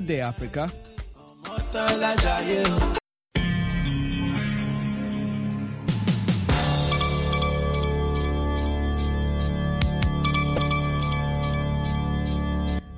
day, Africa.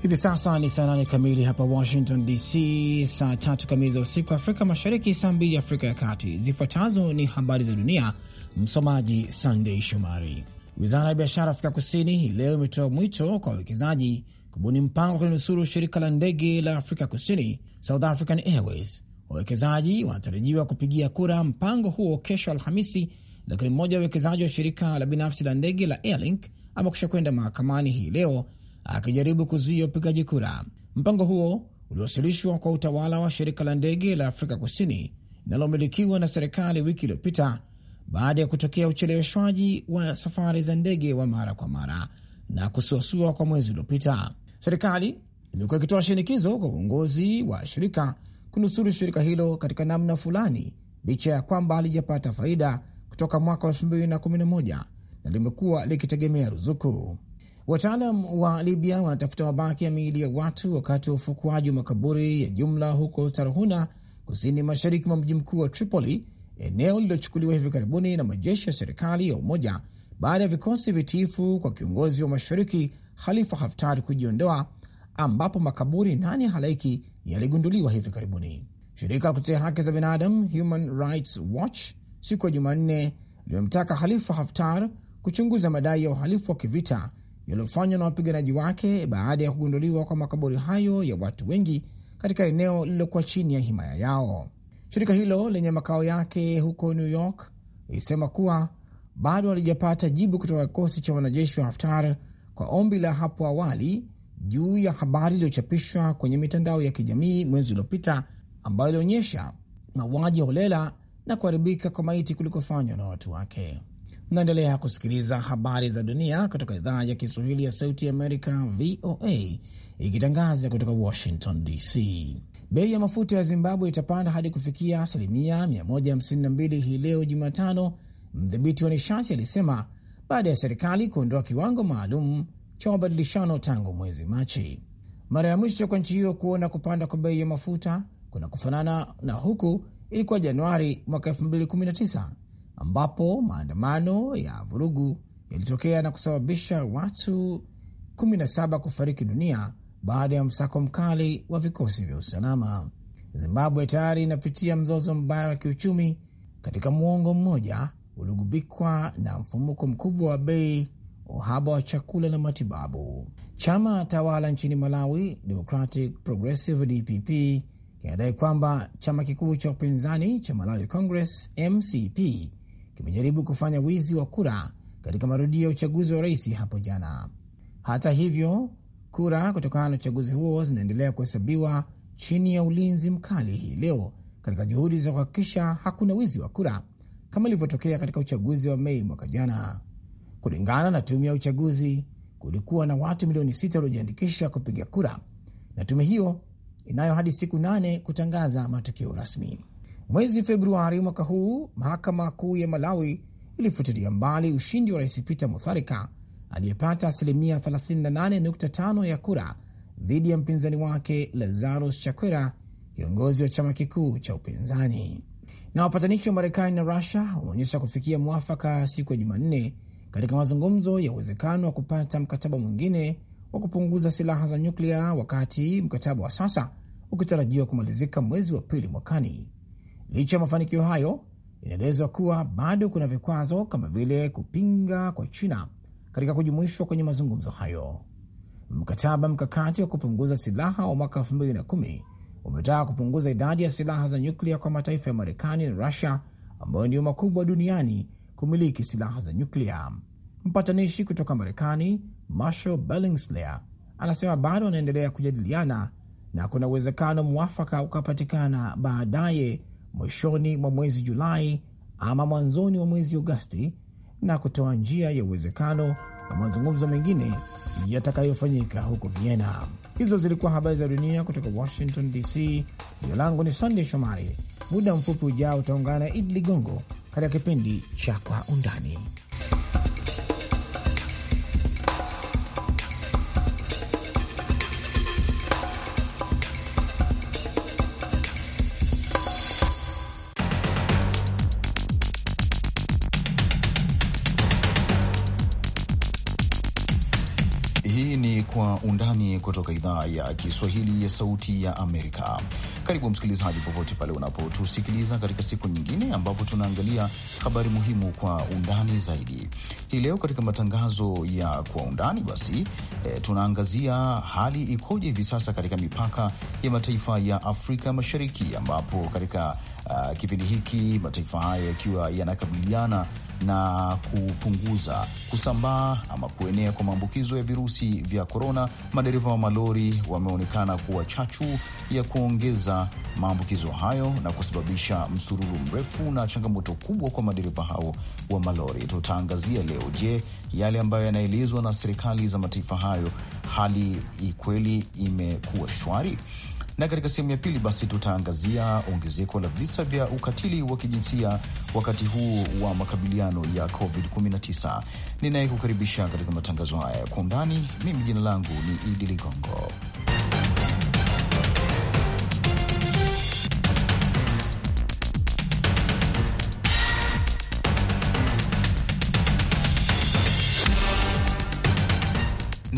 hivi sasa ni saa nane kamili hapa Washington DC, saa tatu kamili za usiku Afrika Mashariki, saa mbili Afrika ya Kati. Zifuatazo ni habari za dunia, msomaji Sandei Shomari. Wizara ya biashara Afrika Kusini hii leo imetoa mwito kwa wawekezaji kubuni mpango kulinusuru shirika la ndege la Afrika Kusini, South African Airways. Wawekezaji wanatarajiwa kupigia kura mpango huo kesho Alhamisi, lakini mmoja wa wawekezaji wa shirika la binafsi la ndege la Airlink amekusha kwenda mahakamani hii leo akijaribu kuzuia upigaji kura. Mpango huo uliwasilishwa kwa utawala wa shirika la ndege la Afrika Kusini linalomilikiwa na serikali wiki iliyopita baada ya kutokea ucheleweshwaji wa safari za ndege wa mara kwa mara na kusuasua kwa mwezi uliopita. Serikali imekuwa ikitoa shinikizo kwa uongozi wa shirika kunusuru shirika hilo katika namna fulani, licha ya kwamba halijapata faida kutoka mwaka wa elfu na na limekuwa likitegemea ruzuku. Wataalam wa Libya wanatafuta mabaki ya miili ya watu wakati wa ufukuaji wa makaburi ya jumla huko Tarhuna, kusini mashariki mwa mji mkuu wa Tripoli, eneo lililochukuliwa hivi karibuni na majeshi ya serikali ya umoja baada ya vikosi vitiifu kwa kiongozi wa mashariki Khalifa Haftar kujiondoa, ambapo makaburi nane ya halaiki yaligunduliwa hivi karibuni. Shirika la kutetea haki za binadamu Human Rights Watch siku ya Jumanne limemtaka Khalifa Haftar kuchunguza madai ya uhalifu wa kivita yaliyofanywa na wapiganaji wake baada ya kugunduliwa kwa makaburi hayo ya watu wengi katika eneo lililokuwa chini ya himaya yao. Shirika hilo lenye makao yake huko New York kuwa bado halijapata jibu kutoka kikosi cha wanajeshi wa Haftar kwa ombi la hapo awali juu ya habari iliyochapishwa kwenye mitandao ya kijamii mwezi uliopita ambayo ilionyesha mauaji ya holela na kuharibika kwa maiti kulikofanywa na watu wake. Mnaendelea kusikiliza habari za dunia kutoka idhaa ya Kiswahili ya Sauti ya Amerika, VOA, ikitangaza kutoka Washington DC. Bei ya mafuta ya Zimbabwe itapanda hadi kufikia asilimia 152 hii leo Jumatano, Mdhibiti wa nishati alisema baada ya serikali kuondoa kiwango maalum cha mabadilishano tangu mwezi Machi. Mara ya mwisho kwa nchi hiyo kuona kupanda kwa bei ya mafuta kuna kufanana na huku ilikuwa Januari mwaka 2019 ambapo maandamano ya vurugu yalitokea na kusababisha watu 17 kufariki dunia baada ya msako mkali wa vikosi vya usalama. Zimbabwe tayari inapitia mzozo mbaya wa kiuchumi katika muongo mmoja uligubikwa na mfumuko mkubwa wa bei, uhaba wa chakula na matibabu. Chama tawala nchini Malawi, Democratic Progressive DPP, kinadai kwamba chama kikuu cha upinzani cha Malawi Congress MCP kimejaribu kufanya wizi wa kura katika marudio ya uchaguzi wa rais hapo jana. Hata hivyo, kura kutokana na uchaguzi huo zinaendelea kuhesabiwa chini ya ulinzi mkali hii leo katika juhudi za kuhakikisha hakuna wizi wa kura kama ilivyotokea katika uchaguzi wa Mei mwaka jana. Kulingana na tume ya uchaguzi, kulikuwa na watu milioni sita waliojiandikisha kupiga kura, na tume hiyo inayo hadi siku nane kutangaza matokeo rasmi. Mwezi Februari mwaka huu, mahakama kuu ya Malawi ilifutilia mbali ushindi wa rais Peter Mutharika aliyepata asilimia 38.5 ya kura dhidi ya mpinzani wake Lazarus Chakwera, kiongozi wa chama kikuu cha upinzani. Na wapatanishi wa Marekani na Rusia wameonyesha kufikia mwafaka siku ya Jumanne katika mazungumzo ya uwezekano wa kupata mkataba mwingine wa kupunguza silaha za nyuklia, wakati mkataba wa sasa ukitarajiwa kumalizika mwezi wa pili mwakani. Licha ya mafanikio hayo, inaelezwa kuwa bado kuna vikwazo kama vile kupinga kwa China katika kujumuishwa kwenye mazungumzo hayo. Mkataba mkakati wa kupunguza silaha wa mwaka elfu mbili na kumi umetaka kupunguza idadi ya silaha za nyuklia kwa mataifa ya Marekani na Rusia ambayo ndio makubwa duniani kumiliki silaha za nyuklia. Mpatanishi kutoka Marekani Marshall Bellingslayer anasema bado wanaendelea kujadiliana na kuna uwezekano mwafaka ukapatikana baadaye mwishoni mwa mwezi Julai ama mwanzoni mwa mwezi Agosti na kutoa njia ya uwezekano na mazungumzo mengine yatakayofanyika huko Vienna. Hizo zilikuwa habari za dunia kutoka Washington DC. Jina langu ni Sandey Shomari. Muda mfupi ujao utaungana na Idi Ligongo katika kipindi cha Kwa Undani. kutoka idhaa ya Kiswahili ya Sauti ya Amerika. Karibu msikilizaji, popote pale unapotusikiliza katika siku nyingine ambapo tunaangalia habari muhimu kwa undani zaidi. Hii leo katika matangazo ya kwa undani, basi e, tunaangazia hali ikoje hivi sasa katika mipaka ya mataifa ya Afrika Mashariki, ambapo katika uh, kipindi hiki mataifa hayo yakiwa yanakabiliana na kupunguza kusambaa ama kuenea kwa maambukizo ya virusi vya korona, madereva wa malori wameonekana kuwa chachu ya kuongeza maambukizo hayo na kusababisha msururu mrefu na changamoto kubwa kwa madereva hao wa malori. Tutaangazia leo, je, yale ambayo yanaelezwa na serikali za mataifa hayo, hali ikweli imekuwa shwari? na katika sehemu ya pili basi tutaangazia ongezeko la visa vya ukatili wa kijinsia wakati huu wa makabiliano ya COVID-19. Ninayekukaribisha katika matangazo haya ya kwa undani, mimi jina langu ni Idi Ligongo.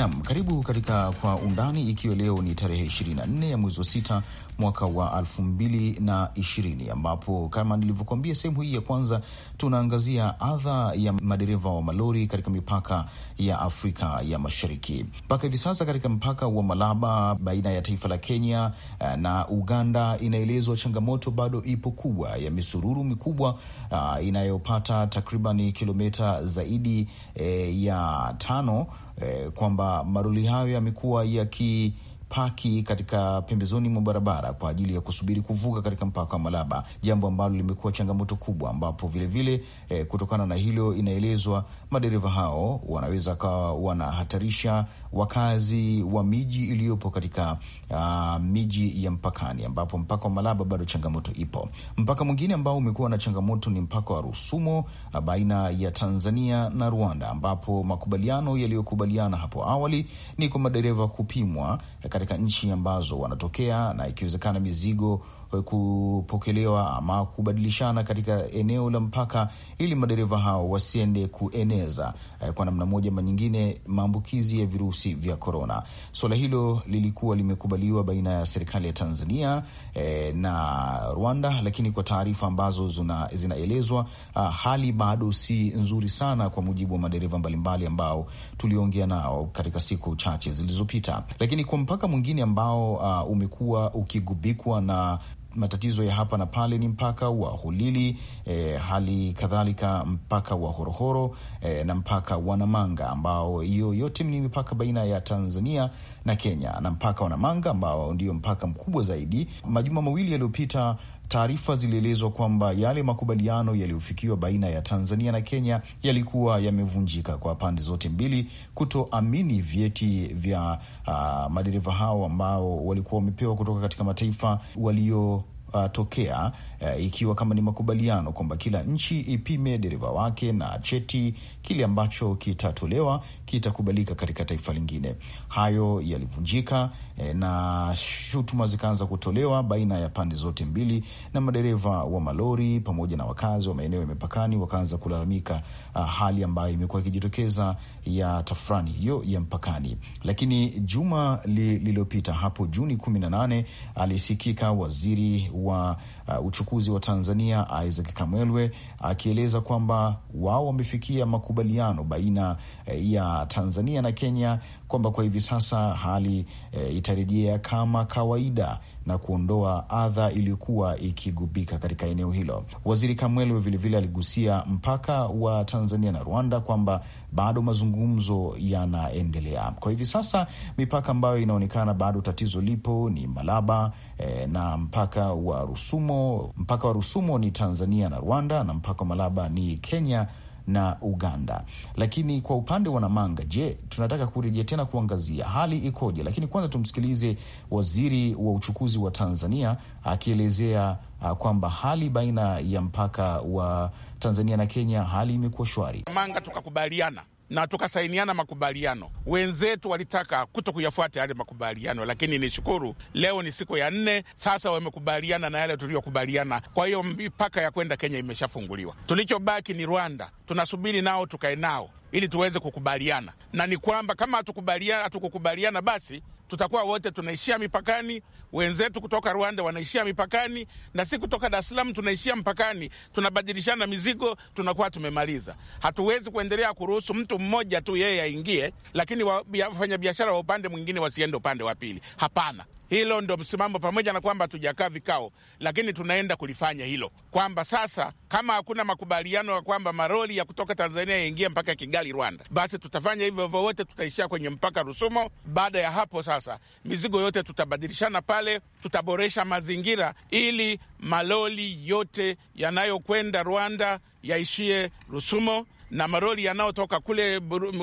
Nam, karibu katika Kwa Undani, ikiwa leo ni tarehe 24 ya mwezi wa sita mwaka wa 2020 ambapo kama nilivyokuambia, sehemu hii ya kwanza tunaangazia adha ya madereva wa malori katika mipaka ya Afrika ya Mashariki. Mpaka hivi sasa katika mpaka wa Malaba baina ya taifa la Kenya eh, na Uganda, inaelezwa changamoto bado ipo kubwa ya misururu mikubwa uh, inayopata takribani kilomita zaidi eh, ya tano eh, kwamba maruli hayo yamekuwa yaki paki katika pembezoni mwa barabara kwa ajili ya kusubiri kuvuka katika mpaka wa Malaba, jambo ambalo limekuwa changamoto kubwa, ambapo vilevile vile, eh, kutokana na hilo inaelezwa madereva hao wanaweza kawa wanahatarisha wakazi wa miji iliyopo katika uh, miji ya mpakani, ambapo mpaka wa Malaba bado changamoto ipo. Mpaka mwingine ambao umekuwa na changamoto ni mpaka wa Rusumo ah, baina ya Tanzania na Rwanda, ambapo makubaliano yaliyokubaliana hapo awali ni kwa madereva kupimwa eh, katika nchi ambazo wanatokea, na ikiwezekana mizigo eh, kupokelewa ama kubadilishana katika eneo la mpaka, ili madereva hao wasiende kueneza eh, kwa namna moja ama nyingine maambukizi ya virusi vya korona. Suala hilo lilikuwa limekubaliwa baina ya serikali ya Tanzania eh, na Rwanda, lakini kwa taarifa ambazo zinaelezwa ah, hali bado si nzuri sana, kwa mujibu wa madereva mbalimbali ambao tuliongea nao katika siku chache zilizopita, lakini kwa mpaka mwingine ambao uh, umekuwa ukigubikwa na matatizo ya hapa na pale ni mpaka wa Hulili e, hali kadhalika mpaka wa Horohoro e, na mpaka wa Namanga ambao hiyo yote ni mipaka baina ya Tanzania na Kenya, na mpaka wa Namanga ambao ndio mpaka mkubwa zaidi. Majuma mawili yaliyopita Taarifa zilielezwa kwamba yale makubaliano yaliyofikiwa baina ya Tanzania na Kenya yalikuwa yamevunjika kwa pande zote mbili kutoamini vyeti vya uh, madereva hao ambao walikuwa wamepewa kutoka katika mataifa walio uh, tokea uh, ikiwa kama ni makubaliano kwamba kila nchi ipime dereva wake na cheti kile ambacho kitatolewa kitakubalika katika taifa lingine. Hayo yalivunjika eh, na shutuma zikaanza kutolewa baina ya pande zote mbili, na madereva wa malori pamoja na wakazi wa maeneo ya mipakani wakaanza kulalamika uh, hali ambayo imekuwa ikijitokeza ya tafrani hiyo ya mpakani. Lakini juma lililopita hapo Juni 18 alisikika waziri kuwa uh, uchukuzi wa Tanzania Isaac Kamwelwe akieleza kwamba wao wamefikia makubaliano baina uh, ya Tanzania na Kenya kwamba kwa hivi sasa hali uh, itarejea kama kawaida na kuondoa adha iliyokuwa ikigubika katika eneo hilo. Waziri Kamwelwe vilevile aligusia mpaka wa Tanzania na Rwanda kwamba bado mazungumzo yanaendelea. Kwa hivi sasa mipaka ambayo inaonekana bado tatizo lipo ni Malaba eh, na mpaka wa Rusumo Rusumo, mpaka wa Rusumo ni Tanzania na Rwanda, na mpaka wa Malaba ni Kenya na Uganda. Lakini kwa upande wa Namanga, je, tunataka kurejea tena kuangazia hali ikoje? Lakini kwanza tumsikilize waziri wa uchukuzi wa Tanzania akielezea uh, kwamba hali baina ya mpaka wa Tanzania na Kenya hali imekuwa shwari. Namanga tukakubaliana na tukasainiana makubaliano. Wenzetu walitaka kuto kuyafuata yale makubaliano, lakini nishukuru leo ni siku ya nne sasa, wamekubaliana na yale tuliyokubaliana. Kwa hiyo mipaka ya kwenda Kenya imeshafunguliwa. Tulichobaki ni Rwanda, tunasubiri nao tukae nao ili tuweze kukubaliana, na ni kwamba kama hatukubaliana hatukukubaliana, basi tutakuwa wote tunaishia mipakani. Wenzetu kutoka Rwanda wanaishia mipakani, na si kutoka Dar es Salaam tunaishia mpakani, tunabadilishana mizigo, tunakuwa tumemaliza. Hatuwezi kuendelea kuruhusu mtu mmoja tu yeye aingie, lakini wafanyabiashara wa upande mwingine wasiende upande wa pili. Hapana. Hilo ndo msimamo, pamoja na kwamba hatujakaa vikao, lakini tunaenda kulifanya hilo, kwamba sasa kama hakuna makubaliano ya kwamba maroli ya kutoka Tanzania yaingie mpaka Kigali, Rwanda, basi tutafanya hivyo hivyo, tutaishia kwenye mpaka Rusumo. Baada ya hapo sasa, mizigo yote tutabadilishana pale, tutaboresha mazingira ili maloli yote yanayokwenda Rwanda yaishie Rusumo na maroli yanayotoka kule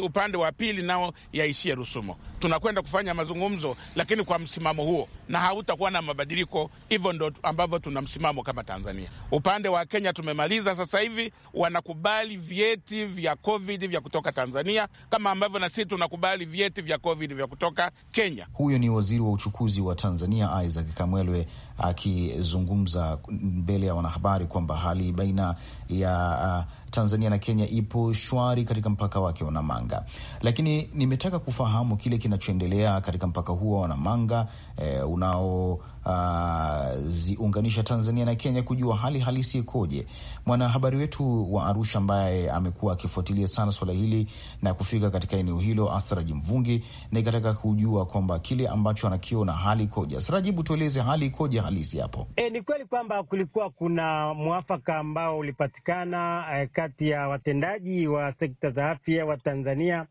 upande wa pili nao yaishie Rusumo. Tunakwenda kufanya mazungumzo, lakini kwa msimamo huo na hautakuwa na mabadiliko. Hivyo ndo ambavyo tuna msimamo kama Tanzania. Upande wa Kenya tumemaliza sasa hivi, wanakubali vyeti vya COVID vya kutoka Tanzania kama ambavyo na sisi tunakubali vyeti vya COVID vya kutoka Kenya. Huyo ni waziri wa uchukuzi wa Tanzania Isaac Kamwelwe akizungumza mbele ya wanahabari kwamba hali baina ya uh, Tanzania na Kenya ipo shwari katika mpaka wake wa Namanga, lakini nimetaka kufahamu kile kinachoendelea katika mpaka huo wa Namanga eh, unaoziunganisha uh, Tanzania na Kenya kujua hali halisi ikoje. Mwanahabari wetu wa Arusha ambaye amekuwa akifuatilia sana swala hili na kufika katika eneo hilo, Asraji Mvungi, nikataka kujua kwamba kile ambacho anakiona hali ikoje. Asraji, hebu tueleze hali ikoje halisi hapo. E, ni kweli kwamba kulikuwa kuna mwafaka ambao ulipatikana eh, kati ya watendaji wa sekta za afya wa Tanzania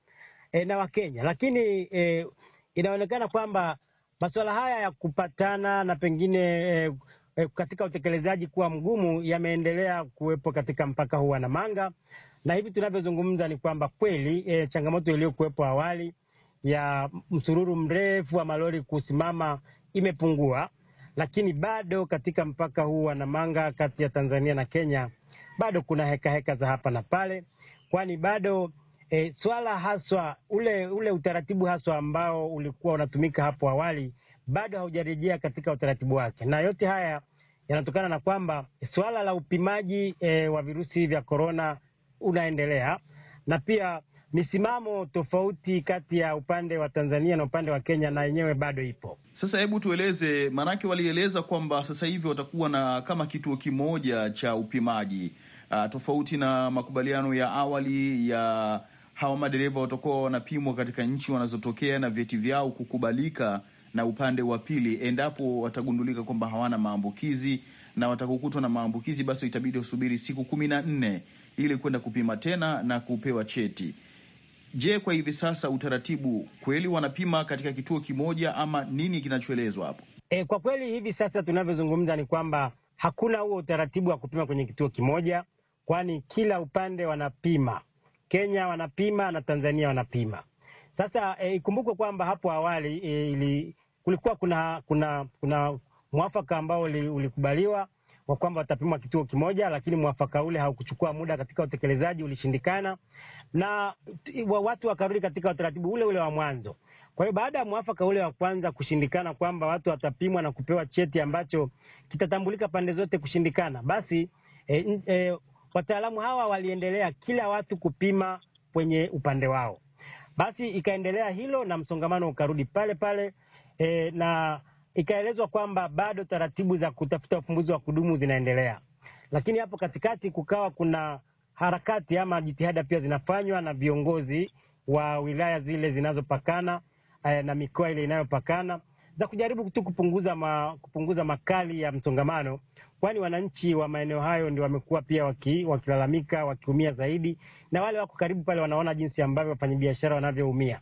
eh, na Wakenya, lakini eh, inaonekana kwamba Masuala haya ya kupatana na pengine eh, eh, katika utekelezaji kuwa mgumu yameendelea kuwepo katika mpaka huu wa Namanga, na hivi tunavyozungumza ni kwamba kweli eh, changamoto iliyokuwepo awali ya msururu mrefu wa malori kusimama imepungua, lakini bado katika mpaka huu wa Namanga kati ya Tanzania na Kenya bado kuna hekaheka heka za hapa na pale, kwani bado E, swala haswa ule ule utaratibu haswa ambao ulikuwa unatumika hapo awali bado haujarejea katika utaratibu wake, na yote haya yanatokana na kwamba swala la upimaji e, wa virusi vya korona unaendelea na pia misimamo tofauti kati ya upande wa Tanzania na upande wa Kenya na yenyewe bado ipo. Sasa hebu tueleze, maanake walieleza kwamba sasa hivi watakuwa na kama kituo kimoja cha upimaji uh, tofauti na makubaliano ya awali ya hawa madereva watakuwa wanapimwa katika nchi wanazotokea na vyeti vyao kukubalika na upande wa pili. Endapo watagundulika kwamba hawana maambukizi na watakukutwa na maambukizi, basi itabidi usubiri siku kumi na nne ili kwenda kupima tena na kupewa cheti. Je, kwa hivi sasa utaratibu kweli wanapima katika kituo kimoja ama nini kinachoelezwa hapo? E, kwa kweli hivi sasa tunavyozungumza ni kwamba hakuna huo utaratibu wa kupima kwenye kituo kimoja, kwani kila upande wanapima Kenya wanapima na Tanzania wanapima. Sasa eh, ikumbukwe e, kwamba hapo awali e, ili, kulikuwa kuna kuna kuna mwafaka ambao ulikubaliwa wa kwamba watapimwa kituo kimoja, lakini mwafaka ule haukuchukua muda katika utekelezaji, ulishindikana na watu wakarudi katika utaratibu ule ule wa mwanzo. Kwa hiyo baada ya mwafaka ule wa kwanza kushindikana, kwamba watu watapimwa na kupewa cheti ambacho kitatambulika pande zote kushindikana, basi e, e, Wataalamu hawa waliendelea kila watu kupima kwenye upande wao, basi ikaendelea hilo na msongamano ukarudi pale pale e, na ikaelezwa kwamba bado taratibu za kutafuta ufumbuzi wa kudumu zinaendelea, lakini hapo katikati kukawa kuna harakati ama jitihada pia zinafanywa na viongozi wa wilaya zile zinazopakana e, na mikoa ile inayopakana za kujaribu tu kupunguza ma, kupunguza makali ya msongamano kwani wananchi wa maeneo hayo ndio wamekuwa pia waki, wakilalamika wakiumia zaidi, na wale wako karibu pale wanaona jinsi ambavyo wafanyabiashara wanavyoumia.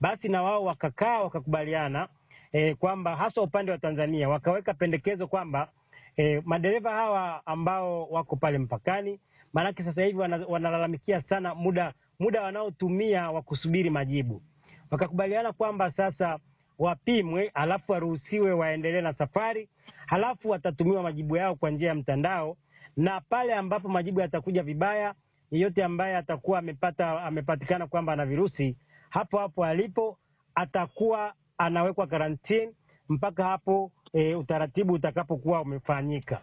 Basi na wao wakakaa wakakubaliana e, kwamba hasa upande wa Tanzania wakaweka pendekezo kwamba e, madereva hawa ambao wako pale mpakani, maanake sasa hivi wana, wanalalamikia sana muda muda wanaotumia wa kusubiri majibu. Wakakubaliana kwamba sasa wapimwe, alafu waruhusiwe waendelee na safari halafu watatumiwa majibu yao kwa njia ya mtandao, na pale ambapo majibu yatakuja vibaya, yeyote ambaye atakuwa amepata amepatikana kwamba ana virusi, hapo hapo alipo atakuwa anawekwa karantini mpaka hapo e, utaratibu utakapokuwa umefanyika.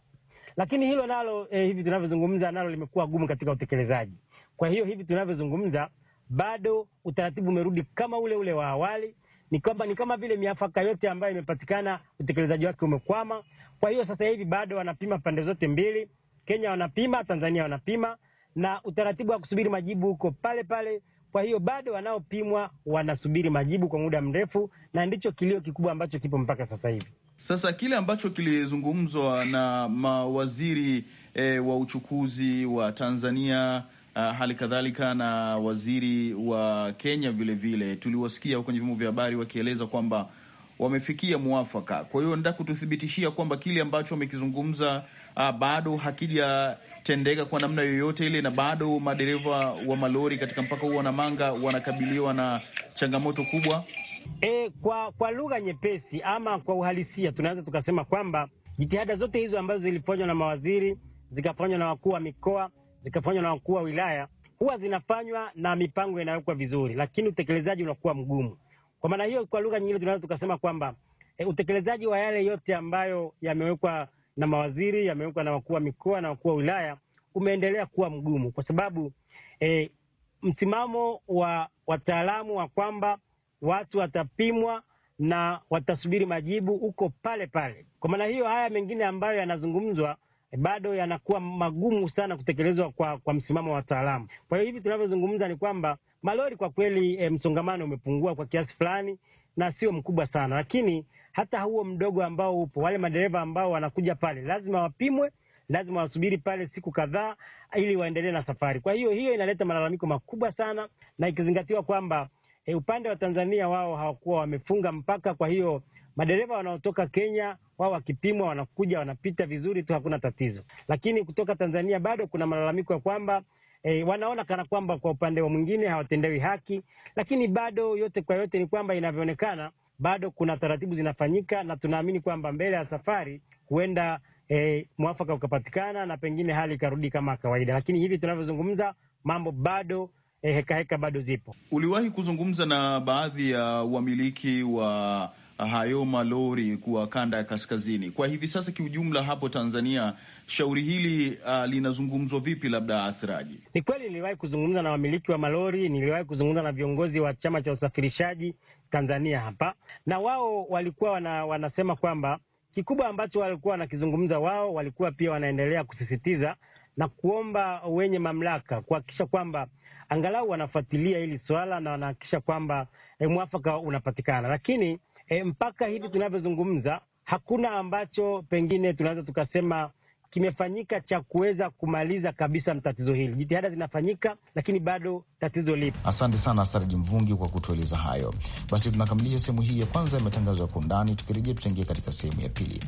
Lakini hilo nalo e, hivi tunavyozungumza nalo limekuwa gumu katika utekelezaji. Kwa hiyo hivi tunavyozungumza bado utaratibu umerudi kama ule ule wa awali, ni kwamba ni kama vile miafaka yote ambayo imepatikana utekelezaji wake umekwama. Kwa hiyo sasa hivi bado wanapima pande zote mbili, Kenya wanapima, Tanzania wanapima, na utaratibu wa kusubiri majibu huko pale pale. Kwa hiyo bado wanaopimwa wanasubiri majibu kwa muda mrefu, na ndicho kilio kikubwa ambacho kipo mpaka sasa hivi. Sasa kile ambacho kilizungumzwa na mawaziri eh, wa uchukuzi wa Tanzania uh, hali kadhalika na waziri wa Kenya vilevile, tuliwasikia kwenye vyombo vya habari wakieleza kwamba wamefikia mwafaka. Kwa hiyo nataka kututhibitishia kwamba kile ambacho wamekizungumza uh, bado hakijatendeka kwa namna yoyote ile, na bado madereva wa malori katika mpaka huo wa Namanga wanakabiliwa na changamoto kubwa. E, kwa kwa lugha nyepesi ama kwa uhalisia tunaweza tukasema kwamba jitihada zote hizo ambazo zilifanywa na mawaziri zikafanywa na wakuu wa mikoa zikafanywa na wakuu wa wilaya, huwa zinafanywa na mipango inawekwa vizuri, lakini utekelezaji unakuwa mgumu. Kwa maana hiyo, kwa lugha nyingine tunaweza tukasema kwamba e, utekelezaji wa yale yote ambayo yamewekwa na mawaziri, yamewekwa na wakuu wa mikoa na wakuu wa wilaya umeendelea kuwa mgumu, kwa sababu e, msimamo wa wataalamu wa kwamba watu watapimwa na watasubiri majibu uko pale pale. Kwa maana hiyo, haya mengine ambayo yanazungumzwa Eh, bado yanakuwa magumu sana kutekelezwa kwa, kwa msimamo wa wataalamu. Kwa hiyo hivi tunavyozungumza ni kwamba malori kwa kweli e, msongamano umepungua kwa kiasi fulani na sio mkubwa sana, lakini hata huo mdogo ambao upo, wale madereva ambao wanakuja pale lazima wapimwe, lazima wasubiri pale siku kadhaa ili waendelee na safari. Kwa hiyo hiyo inaleta malalamiko makubwa sana, na ikizingatiwa kwamba e, upande wa Tanzania wao hawakuwa wamefunga mpaka, kwa hiyo Madereva wanaotoka Kenya wao wakipimwa wanakuja wanapita vizuri tu, hakuna tatizo. Lakini kutoka Tanzania bado kuna malalamiko ya kwamba E, wanaona kana kwamba kwa upande wa mwingine hawatendewi haki, lakini bado yote kwa yote ni kwamba inavyoonekana bado kuna taratibu zinafanyika, na tunaamini kwamba mbele ya safari huenda e, mwafaka ukapatikana na pengine hali ikarudi kama kawaida, lakini hivi tunavyozungumza mambo bado e, hekaheka heka bado zipo. Uliwahi kuzungumza na baadhi ya wamiliki wa hayo malori kuwa kanda ya kaskazini. Kwa hivi sasa kiujumla, hapo Tanzania shauri hili uh, linazungumzwa vipi? Labda Asiraji. Ni kweli niliwahi kuzungumza na wamiliki wa malori, niliwahi kuzungumza na viongozi wa chama cha usafirishaji Tanzania hapa, na wao walikuwa wana, wanasema kwamba kikubwa ambacho walikuwa wanakizungumza wao, walikuwa pia wanaendelea kusisitiza na kuomba wenye mamlaka kuhakikisha kwamba angalau wanafuatilia hili swala na wanahakikisha kwamba eh, mwafaka unapatikana, lakini E, mpaka hivi tunavyozungumza hakuna ambacho pengine tunaweza tukasema kimefanyika cha kuweza kumaliza kabisa tatizo hili. Jitihada zinafanyika, lakini bado tatizo lipo. Asante sana Sarji Mvungi kwa kutueleza hayo. Basi tunakamilisha sehemu hii ya kwanza ya matangazo ya Kwa Undani. Tukirejea tutaingia katika sehemu ya pili.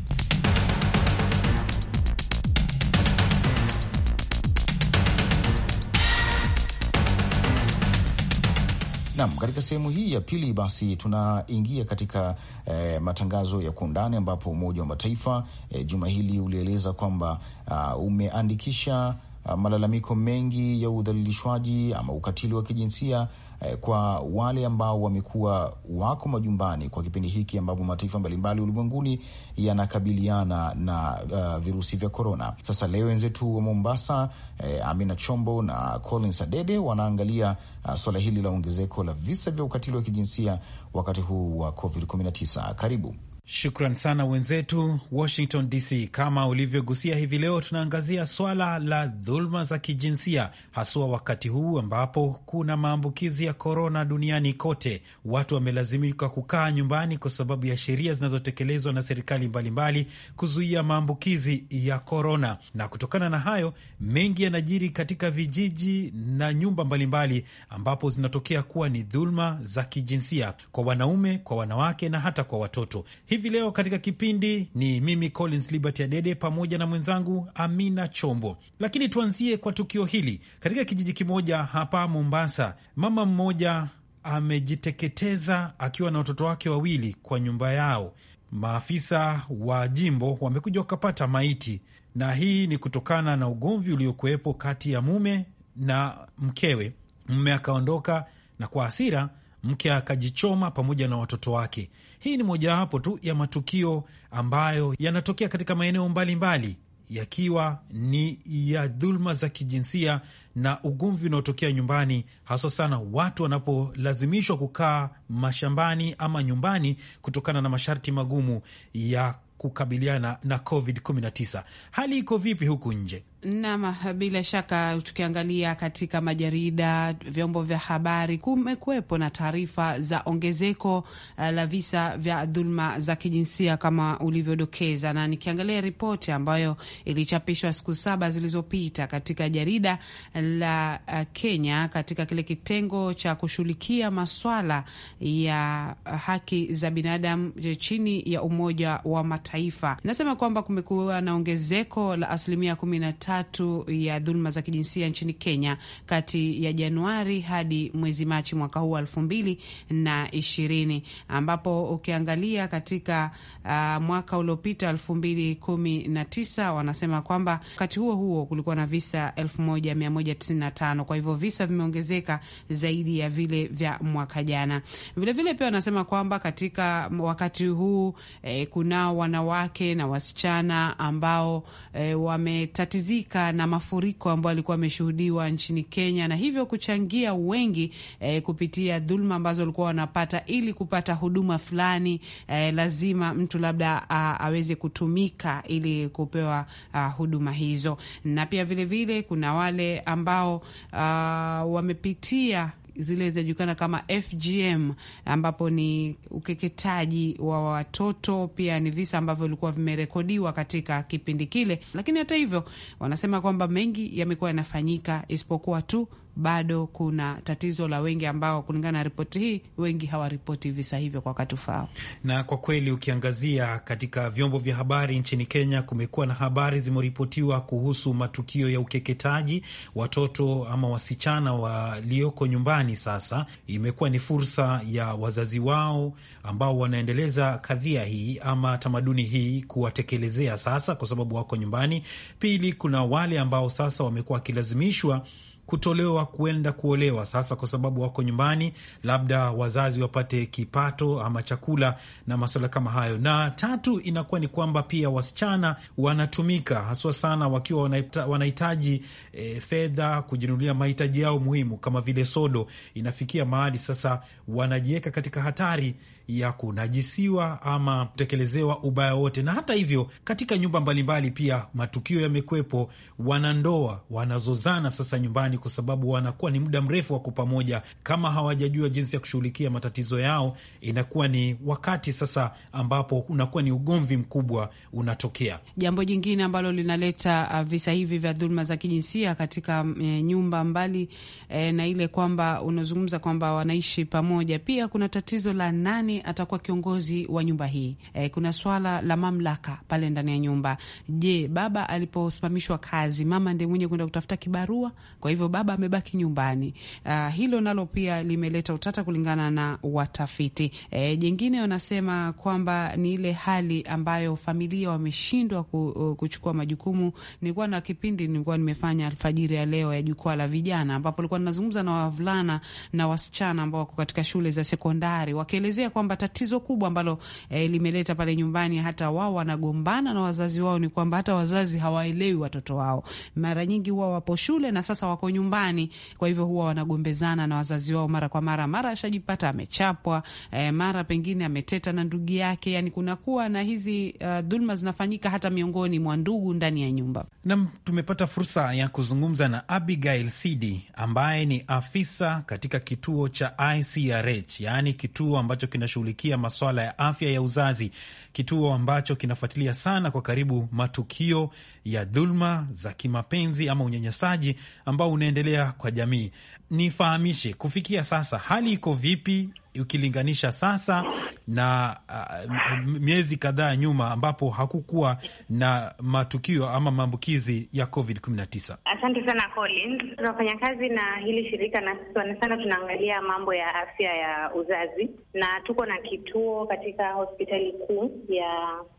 Nam, katika sehemu hii ya pili basi tunaingia katika eh, matangazo ya kuundani ambapo Umoja wa Mataifa eh, juma hili ulieleza kwamba uh, umeandikisha uh, malalamiko mengi ya udhalilishwaji ama ukatili wa kijinsia eh, kwa wale ambao wamekuwa wako majumbani kwa kipindi hiki ambapo mataifa mbalimbali ulimwenguni yanakabiliana na uh, virusi vya korona. Sasa leo wenzetu wa Mombasa, eh, Amina Chombo na Collins Adede wanaangalia uh, eh, suala hili la ongezeko la visa vya ukatili wa kijinsia wakati huu wa COVID-19. Karibu. Shukran sana wenzetu Washington DC. Kama ulivyogusia hivi leo, tunaangazia swala la dhuluma za kijinsia, haswa wakati huu ambapo kuna maambukizi ya korona duniani kote. Watu wamelazimika kukaa nyumbani kwa sababu ya sheria zinazotekelezwa na serikali mbalimbali kuzuia maambukizi ya korona, na kutokana na hayo mengi yanajiri katika vijiji na nyumba mbalimbali, ambapo zinatokea kuwa ni dhuluma za kijinsia kwa wanaume, kwa wanawake na hata kwa watoto hivi leo katika kipindi ni mimi Collins Liberty Adede pamoja na mwenzangu Amina Chombo. Lakini tuanzie kwa tukio hili katika kijiji kimoja hapa Mombasa. Mama mmoja amejiteketeza akiwa na watoto wake wawili kwa nyumba yao. Maafisa wa jimbo wamekuja wakapata maiti, na hii ni kutokana na ugomvi uliokuwepo kati ya mume na mkewe. Mume akaondoka na kwa hasira mke akajichoma pamoja na watoto wake. Hii ni mojawapo tu ya matukio ambayo yanatokea katika maeneo mbalimbali yakiwa ni ya dhuluma za kijinsia na ugomvi unaotokea nyumbani, haswa sana watu wanapolazimishwa kukaa mashambani ama nyumbani kutokana na masharti magumu ya kukabiliana na COVID-19. Hali iko vipi huku nje? Nam, bila shaka tukiangalia katika majarida, vyombo vya habari, kumekuwepo na taarifa za ongezeko uh, la visa vya dhulma za kijinsia kama ulivyodokeza, na nikiangalia ripoti ambayo ilichapishwa siku saba zilizopita katika jarida la uh, Kenya katika kile kitengo cha kushughulikia maswala ya haki za binadamu chini ya Umoja wa Mataifa, nasema kwamba kumekuwa na ongezeko la asilimia kumi na tatu ya dhuluma za kijinsia nchini Kenya kati ya Januari hadi mwezi Machi mwaka huu elfu mbili na ishirini ambapo ukiangalia katika uh, mwaka uliopita elfu mbili kumi na tisa wanasema kwamba wakati huo huo kulikuwa na visa elfu moja mia moja tisini na tano kwa hivyo visa vimeongezeka zaidi ya vile vya mwaka jana. Vilevile pia wanasema kwamba katika wakati huu eh, kunao wanawake na wasichana ambao eh, wametatizia kuathirika na mafuriko ambayo alikuwa ameshuhudiwa nchini Kenya, na hivyo kuchangia wengi eh, kupitia dhuluma ambazo walikuwa wanapata ili kupata huduma fulani eh, lazima mtu labda ah, aweze kutumika ili kupewa ah, huduma hizo, na pia vilevile vile, kuna wale ambao ah, wamepitia zile zinajulikana kama FGM, ambapo ni ukeketaji wa watoto, pia ni visa ambavyo vilikuwa vimerekodiwa katika kipindi kile. Lakini hata hivyo, wanasema kwamba mengi yamekuwa yanafanyika isipokuwa tu bado kuna tatizo la wengi ambao kulingana na ripoti hii, wengi hawaripoti visa hivyo kwa wakati ufaao. Na kwa kweli ukiangazia katika vyombo vya habari nchini Kenya, kumekuwa na habari zimeripotiwa kuhusu matukio ya ukeketaji watoto ama wasichana walioko nyumbani. Sasa imekuwa ni fursa ya wazazi wao ambao wanaendeleza kadhia hii ama tamaduni hii kuwatekelezea sasa, kwa sababu wako nyumbani. Pili, kuna wale ambao sasa wamekuwa wakilazimishwa kutolewa kuenda kuolewa. Sasa kwa sababu wako nyumbani, labda wazazi wapate kipato ama chakula na masuala kama hayo. Na tatu inakuwa ni kwamba pia wasichana wanatumika haswa sana wakiwa wanahitaji e, fedha kujinunulia mahitaji yao muhimu kama vile sodo. Inafikia mahali sasa wanajiweka katika hatari ya kunajisiwa ama kutekelezewa ubaya wote. Na hata hivyo, katika nyumba mbalimbali pia matukio yamekwepo, wanandoa wanazozana sasa nyumbani, kwa sababu wanakuwa ni muda mrefu wako pamoja. Kama hawajajua jinsi ya kushughulikia matatizo yao, inakuwa ni wakati sasa ambapo unakuwa ni ugomvi mkubwa unatokea. Jambo jingine ambalo linaleta uh, visa hivi vya dhuluma za kijinsia katika e, nyumba mbali e, na ile kwamba unazungumza kwamba wanaishi pamoja, pia kuna tatizo la nani atakuwa kiongozi wa nyumba hii. E, kuna swala la mamlaka pale ndani ya nyumba. Je, baba aliposimamishwa kazi, mama ndiye mwenye kwenda kutafuta kibarua, kwa hivyo baba amebaki nyumbani. Uh, hilo nalo pia limeleta utata kulingana na watafiti. E, jengine wanasema kwamba ni ile hali ambayo familia wameshindwa uh, kuchukua majukumu. Nilikuwa na kipindi nilikuwa nimefanya alfajiri ya leo ya jukwaa la vijana, ambapo nilikuwa ninazungumza na wavulana na wasichana ambao wako katika shule za sekondari wakielezea kwamba kwamba tatizo kubwa ambalo eh, limeleta pale nyumbani, hata wao wanagombana na wazazi wao, ni kwamba hata wazazi hawaelewi watoto wao. Mara nyingi huwa wapo shule na sasa wako nyumbani, kwa hivyo huwa wanagombezana na wazazi wao mara kwa mara. Mara ashajipata amechapwa, eh, mara pengine ameteta na ndugu yake, yani kunakuwa na hizi uh, dhulma zinafanyika hata miongoni mwa ndugu ndani ya nyumba. Nam, tumepata fursa ya kuzungumza na Abigail Sidi ambaye ni afisa katika kituo cha ICRH, yaani kituo ambacho kina kinashughulikia maswala ya afya ya uzazi, kituo ambacho kinafuatilia sana kwa karibu matukio ya dhuluma za kimapenzi ama unyanyasaji ambao unaendelea kwa jamii. Nifahamishe, kufikia sasa hali iko vipi ukilinganisha sasa na uh, miezi kadhaa nyuma ambapo hakukuwa na matukio ama maambukizi ya COVID-19? Asante sana Collins. Tunafanya kazi na hili shirika na sana sana tunaangalia mambo ya afya ya uzazi na tuko na kituo katika hospitali kuu ya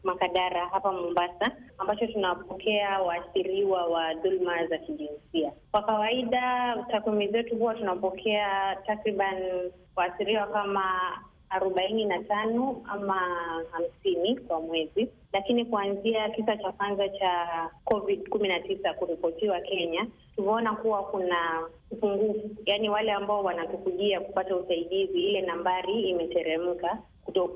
Makadara hapa Mombasa ambacho tunapokea waathiriwa wa dhuluma za kijinsia. Kwa kawaida takwimu zetu huwa tunapokea takriban waathiriwa kama arobaini na tano ama hamsini kwa mwezi, lakini kuanzia kisa cha kwanza cha COVID kumi na tisa kuripotiwa Kenya, tumeona kuwa kuna upungufu, yaani wale ambao wanatukujia kupata usaidizi, ile nambari imeteremka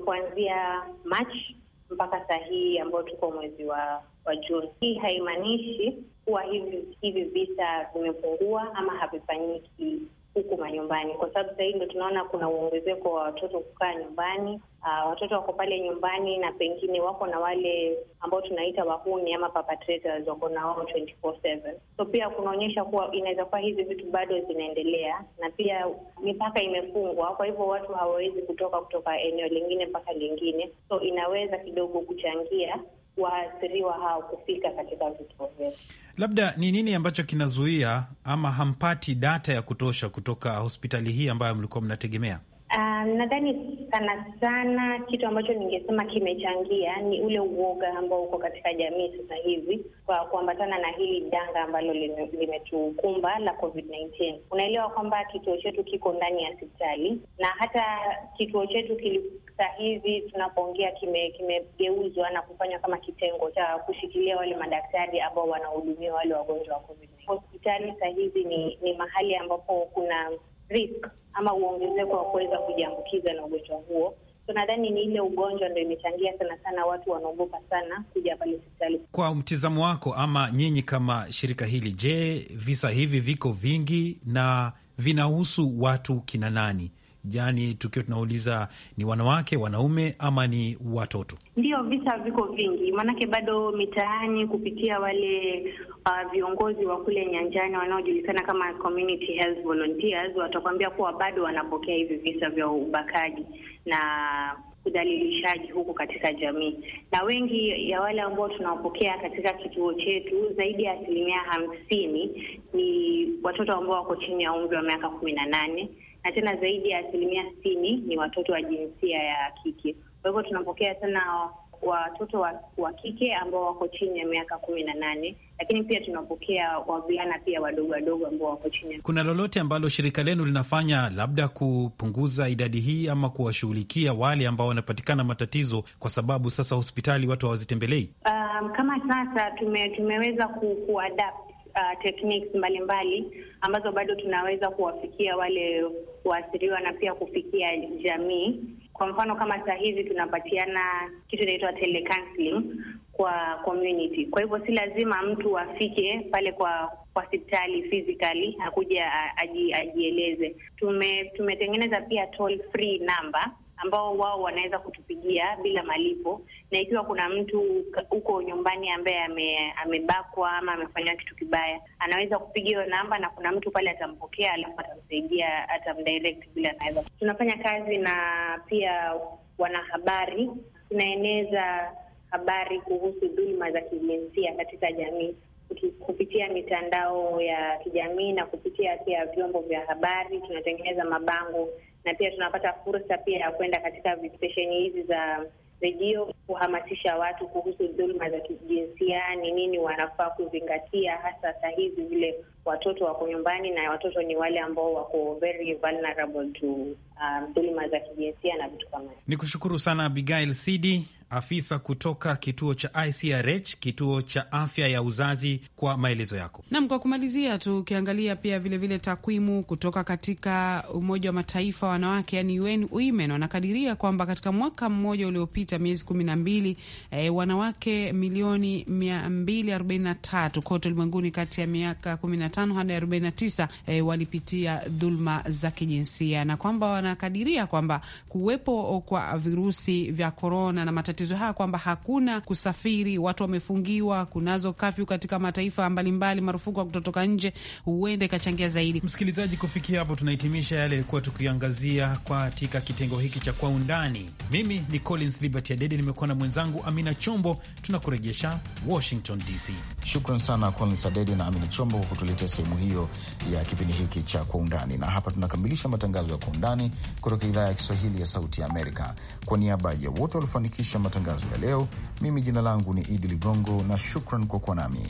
kuanzia Machi mpaka saa hii ambayo tuko mwezi wa wa Juni. Hii haimaanishi kuwa hivi hivi visa vimepungua ama havifanyiki huku manyumbani, kwa sababu sahii ndo tunaona kuna uongezeko wa watoto kukaa nyumbani. Uh, watoto wako pale nyumbani na pengine wako na wale ambao tunaita wahuni ama perpetrators wako na wao 24/7. So pia kunaonyesha kuwa inaweza kuwa hizi vitu bado zinaendelea, na pia mipaka imefungwa, kwa hivyo watu hawawezi kutoka kutoka eneo lingine mpaka lingine, so inaweza kidogo kuchangia waathiriwa hao kufika katika vituo vyetu. Labda ni nini ambacho kinazuia ama hampati data ya kutosha kutoka hospitali hii ambayo mlikuwa mnategemea? Um, nadhani sana sana kitu ambacho ningesema kimechangia ni ule uoga ambao uko katika jamii sasa hivi kwa kuambatana na hili janga ambalo limetukumba lime la COVID-19. Unaelewa kwamba kituo chetu kiko ndani ya hospitali na hata kituo chetu sasa hivi tunapoongea kimegeuzwa kime na kufanywa kama kitengo cha kushikilia wale madaktari ambao wanahudumia wale wagonjwa wa covid Hospitali sasa hivi ni, ni mahali ambapo kuna risk ama uongezeko wa kuweza kujiambukiza na ugonjwa huo. So nadhani ni ile ugonjwa ndo imechangia sana sana, watu wanaogopa sana kuja pale hospitali. Kwa mtizamo wako ama nyinyi kama shirika hili, je, visa hivi viko vingi na vinahusu watu kina nani? yani tukiwa tunauliza ni wanawake, wanaume ama ni watoto? Ndio, visa viko vingi, maanake bado mitaani kupitia wale uh, viongozi wa kule nyanjani wanaojulikana kama community health volunteers watakwambia kuwa bado wanapokea hivi visa vya ubakaji na udhalilishaji huku katika jamii, na wengi ya wale ambao tunawapokea katika kituo chetu, zaidi ya asilimia hamsini ni watoto ambao wako chini ya umri wa miaka kumi na nane na tena zaidi ya asilimia sitini ni watoto wa jinsia ya kike. Kwa hivyo tunapokea sana watoto wa, wa kike ambao wako chini ya miaka kumi na nane, lakini pia tunapokea wavulana pia wadogo wadogo ambao wako chini. Kuna lolote ambalo shirika lenu linafanya labda kupunguza idadi hii ama kuwashughulikia wale ambao wanapatikana matatizo, kwa sababu sasa hospitali watu hawazitembelei? Um, kama sasa tume, tumeweza ku, kuadapt uh, techniques mbalimbali ambazo bado tunaweza kuwafikia wale waathiriwa na pia kufikia jamii. Kwa mfano kama saa hizi tunapatiana kitu inaitwa telecounseling kwa community. Kwa hivyo si lazima mtu afike pale kwa hospitali physically akuja ajieleze. Tume, tumetengeneza pia toll free number ambao wao wanaweza kutupigia bila malipo, na ikiwa kuna mtu huko nyumbani ambaye ame, amebakwa ama amefanywa kitu kibaya, anaweza kupigia hiyo namba na kuna mtu pale atampokea, alafu atamsaidia, atamdirect vile anaweza. Tunafanya kazi na pia wanahabari, tunaeneza habari kuhusu dhuluma za kijinsia katika jamii kupitia mitandao ya kijamii na kupitia pia vyombo vya habari. Tunatengeneza mabango na pia tunapata fursa pia ya kwenda katika stesheni hizi za redio kuhamasisha watu kuhusu dhuluma za kijinsia, ni nini wanafaa kuzingatia, hasa saa hizi vile watoto wako nyumbani na watoto ni wale ambao wako very vulnerable to um, dhuluma um, za kijinsia na vitu kama. Ni kushukuru sana Abigail Sidi afisa kutoka kituo cha ICRH, kituo cha afya ya uzazi, kwa maelezo yako. Naam, kwa kumalizia, tukiangalia pia vilevile takwimu kutoka katika Umoja wa Mataifa wanawake, yani UN Women, wanakadiria kwamba katika mwaka mmoja uliopita, miezi kumi na mbili, eh, wanawake milioni 243 kote ulimwenguni kati ya miaka 15 hadi tisa eh, walipitia dhulma za kijinsia na kwamba wanakadiria kwamba kuwepo kwa virusi vya korona na matatizo matatizo haya kwamba hakuna kusafiri, watu wamefungiwa, kunazo kafyu katika mataifa mbalimbali, marufuku ya kutotoka nje, huenda ikachangia zaidi. Msikilizaji, kufikia hapo tunahitimisha yale yalikuwa tukiangazia katika kitengo hiki cha kwa undani. Mimi ni Collins Liberty Adede, nimekuwa na mwenzangu Amina Chombo, tunakurejesha Washington DC. Shukran sana Collins Adede na Amina Chombo kwa kutuletea sehemu hiyo ya kipindi hiki cha kwa undani, na hapa tunakamilisha matangazo ya kwa undani kutoka idhaa ya Kiswahili ya Sauti ya Amerika. Kwa niaba ya wote waliofanikisha matangazo ya leo. Mimi jina langu ni Idi Ligongo na shukran kwa kuwa nami.